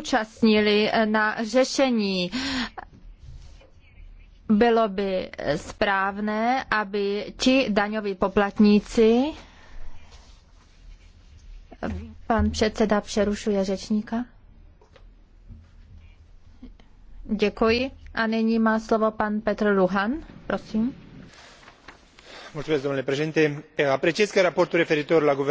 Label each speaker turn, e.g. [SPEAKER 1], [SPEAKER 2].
[SPEAKER 1] neúčastnili eh, na řešení bylo by správné, aby ti daňoví poplatníci. Pan předseda přerušuje řečníka. Děkuji. A nyní má slovo pan Petr Luhan. Prosím.
[SPEAKER 2] Mulțumesc, domnule președinte. Apreciez că raportul referitor la